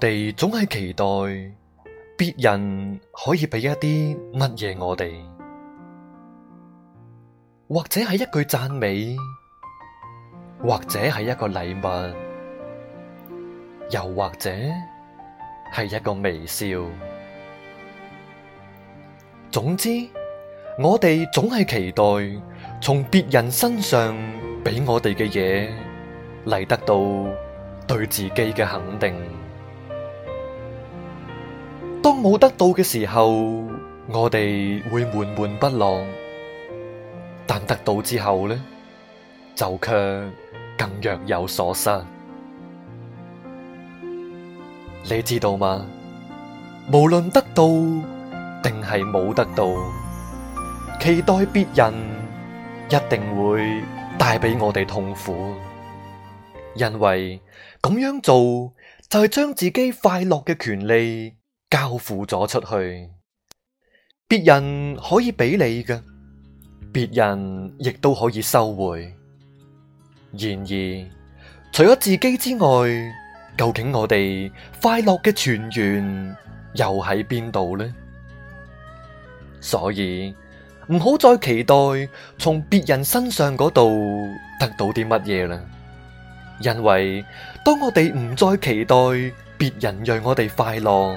我哋總係期待別人可以俾一啲乜嘢我哋，或者係一句讚美，或者係一個禮物，又或者係一個微笑。總之，我哋總係期待從別人身上俾我哋嘅嘢嚟得到對自己嘅肯定。當冇得到嘅時候，我哋會悶悶不樂；但得到之後呢，就卻更若有所失。你知道嗎？無論得到定係冇得到，期待別人一定會帶俾我哋痛苦，因為咁樣做就係將自己快樂嘅權利。交付咗出去，別人可以俾你嘅，別人亦都可以收回。然而，除咗自己之外，究竟我哋快樂嘅泉源又喺邊度呢？所以唔好再期待從別人身上嗰度得到啲乜嘢啦。因為當我哋唔再期待別人讓我哋快樂，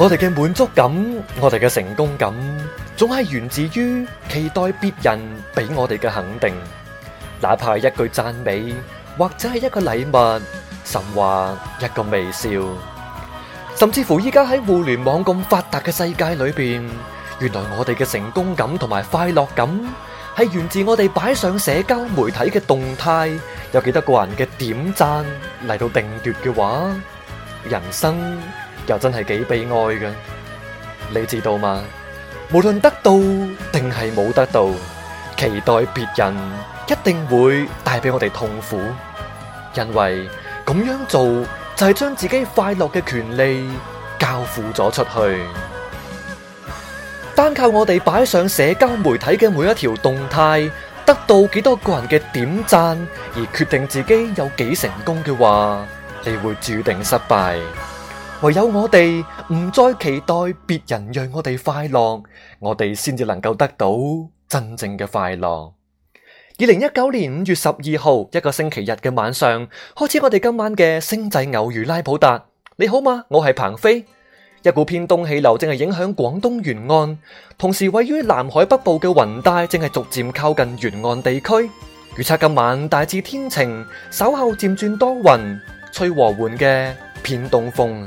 我哋嘅滿足感，我哋嘅成功感，總係源自於期待別人俾我哋嘅肯定，哪怕一句讚美，或者係一個禮物，甚或一個微笑。甚至乎依家喺互聯網咁發達嘅世界裏邊，原來我哋嘅成功感同埋快樂感，係源自我哋擺上社交媒體嘅動態，有幾多個人嘅點讚嚟到定奪嘅話，人生。又真係幾悲哀嘅，你知道嗎？無論得到定係冇得到，期待別人一定會帶俾我哋痛苦，因為咁樣做就係將自己快樂嘅權利交付咗出去。單靠我哋擺上社交媒體嘅每一條動態，得到幾多個人嘅點讚，而決定自己有幾成功嘅話，你會注定失敗。唯有我哋唔再期待別人讓我哋快樂，我哋先至能夠得到真正嘅快樂。二零一九年五月十二號一個星期日嘅晚上，開始我哋今晚嘅星際偶遇拉普達。你好嗎？我係彭飛。一股偏東氣流正係影響廣東沿岸，同時位於南海北部嘅雲帶正係逐漸靠近沿岸地區。預測今晚大致天晴，稍後漸轉多雲，吹和緩嘅偏東風。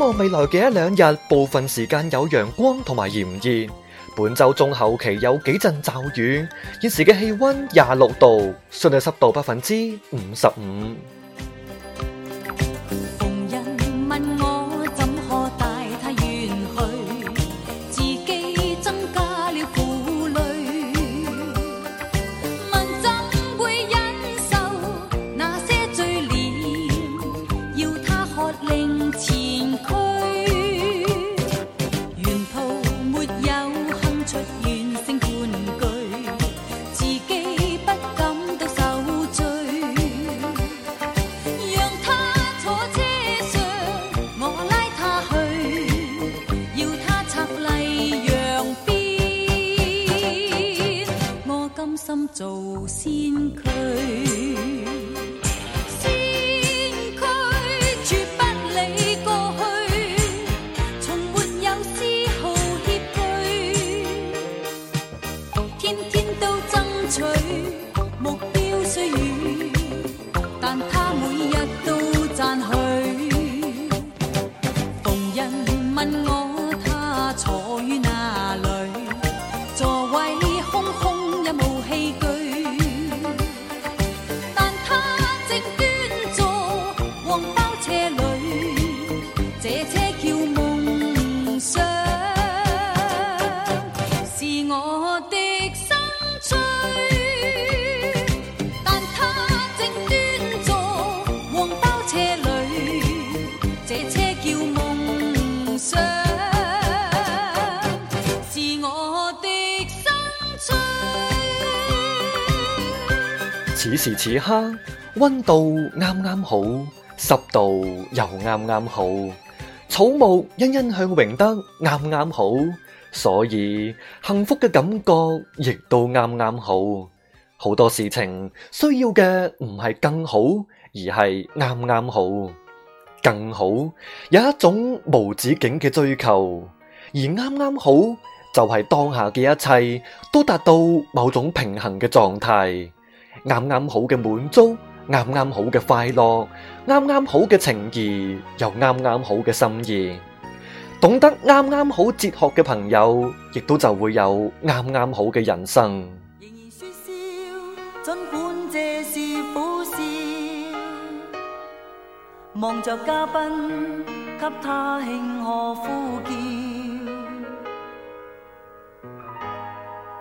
望未來嘅一兩日，部分時間有陽光同埋炎熱。本周中後期有幾陣驟雨。現時嘅氣温廿六度，相對濕度百分之五十五。此時此刻，溫度啱啱好，濕度又啱啱好，草木欣欣向榮得啱啱好，所以幸福嘅感覺亦都啱啱好。好多事情需要嘅唔係更好，而係啱啱好。更好有一種無止境嘅追求，而啱啱好就係當下嘅一切都達到某種平衡嘅狀態。啱啱好嘅滿足，啱啱好嘅快樂，啱啱好嘅情誼，又啱啱好嘅心意。懂得啱啱好哲學嘅朋友，亦都就會有啱啱好嘅人生。仍然說笑，儘管這是苦笑。望着嘉賓，給他慶賀呼叫。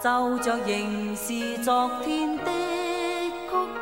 就像仍是昨天的。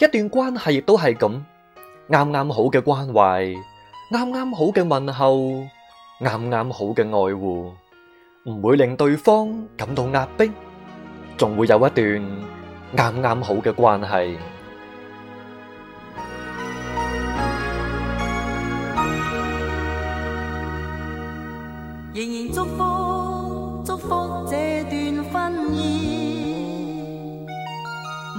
一段關係亦都係咁，啱啱好嘅關懷，啱啱好嘅問候，啱啱好嘅愛護，唔會令對方感到壓迫，仲會有一段啱啱好嘅關係。仍然祝福，祝福。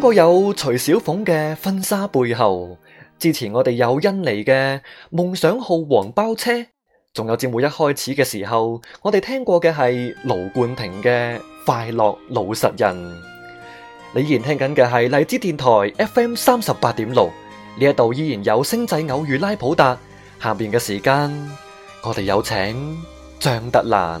個有徐小鳳嘅婚紗背後，之前我哋有甄妮嘅夢想號黃包車，仲有節目一開始嘅時候，我哋聽過嘅係盧冠廷嘅快樂老實人。你現聽緊嘅係荔枝電台 FM 三十八點六，呢一度依然有星仔偶遇拉普達，下邊嘅時間我哋有請張德蘭。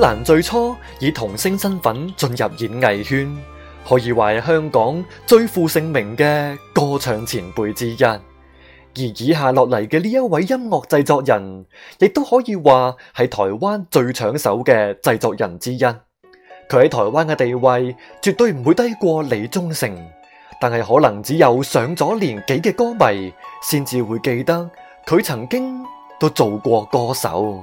蘭最初以童星身份進入演藝圈，可以話係香港最負盛名嘅歌唱前輩之一。而以下落嚟嘅呢一位音樂製作人，亦都可以話係台灣最搶手嘅製作人之一。佢喺台灣嘅地位絕對唔會低過李宗盛，但係可能只有上咗年紀嘅歌迷先至會記得佢曾經都做過歌手。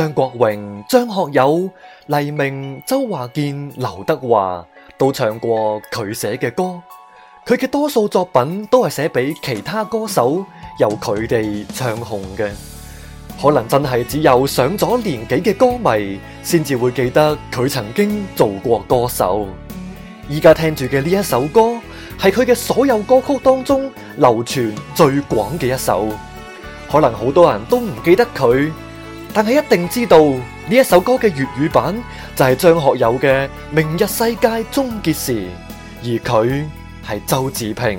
張國榮、張學友、黎明、周華健、劉德華都唱過佢寫嘅歌，佢嘅多數作品都係寫俾其他歌手，由佢哋唱紅嘅。可能真係只有上咗年紀嘅歌迷先至會記得佢曾經做過歌手。依家聽住嘅呢一首歌，係佢嘅所有歌曲當中流傳最廣嘅一首。可能好多人都唔記得佢。但係一定知道呢一首歌嘅粵語版就係張學友嘅《明日世界終結時》，而佢係周志平。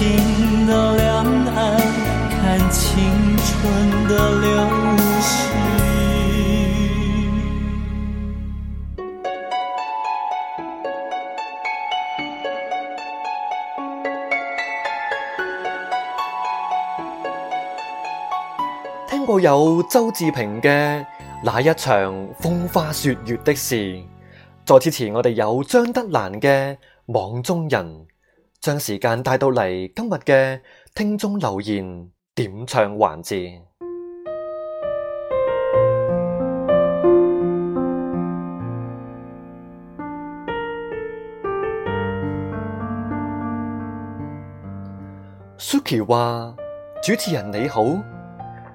情的兩岸看青春的流星聽過，有周治平嘅《那一場風花雪月的事》。在此前我哋有張德蘭嘅《網中人》。將時間帶到嚟，今日嘅聽眾留言點唱環節。Suki 話：主持人你好，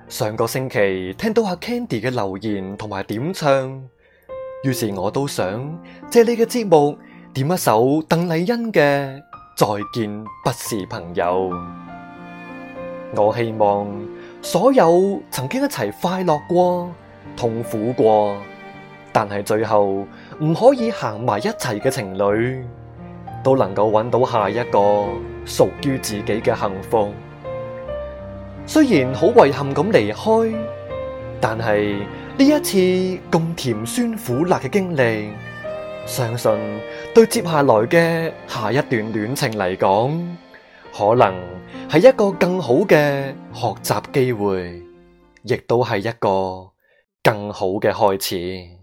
上個星期聽到阿 Candy 嘅留言同埋點唱，於是我都想借你嘅節目點一首鄧麗欣嘅。再見，不是朋友。我希望所有曾經一齊快樂過、痛苦過，但係最後唔可以行埋一齊嘅情侶，都能夠搵到下一個屬於自己嘅幸福。雖然好遺憾咁離開，但係呢一次咁甜酸苦辣嘅經歷。相信對接下來嘅下一段戀情嚟講，可能係一個更好嘅學習機會，亦都係一個更好嘅開始。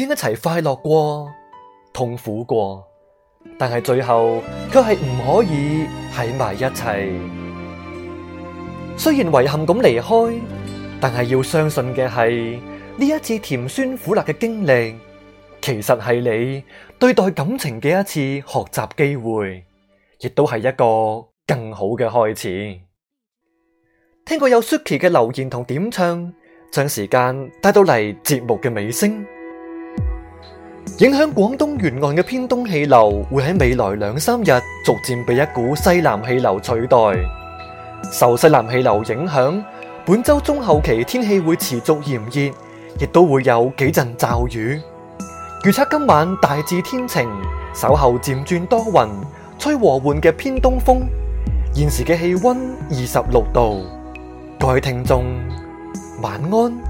經一齊快樂過、痛苦過，但係最後卻係唔可以喺埋一齊。雖然遺憾咁離開，但係要相信嘅係呢一次甜酸苦辣嘅經歷，其實係你對待感情嘅一次學習機會，亦都係一個更好嘅開始。聽過有 Suki 嘅留言同點唱，將時間帶到嚟節目嘅尾聲。影響廣東沿岸嘅偏東氣流會喺未來兩三日逐漸被一股西南氣流取代。受西南氣流影響，本周中後期天氣會持續炎熱，亦都會有幾陣驟雨。預測今晚大致天晴，稍後漸轉多雲，吹和緩嘅偏東風。現時嘅氣溫二十六度。各位聽眾，晚安。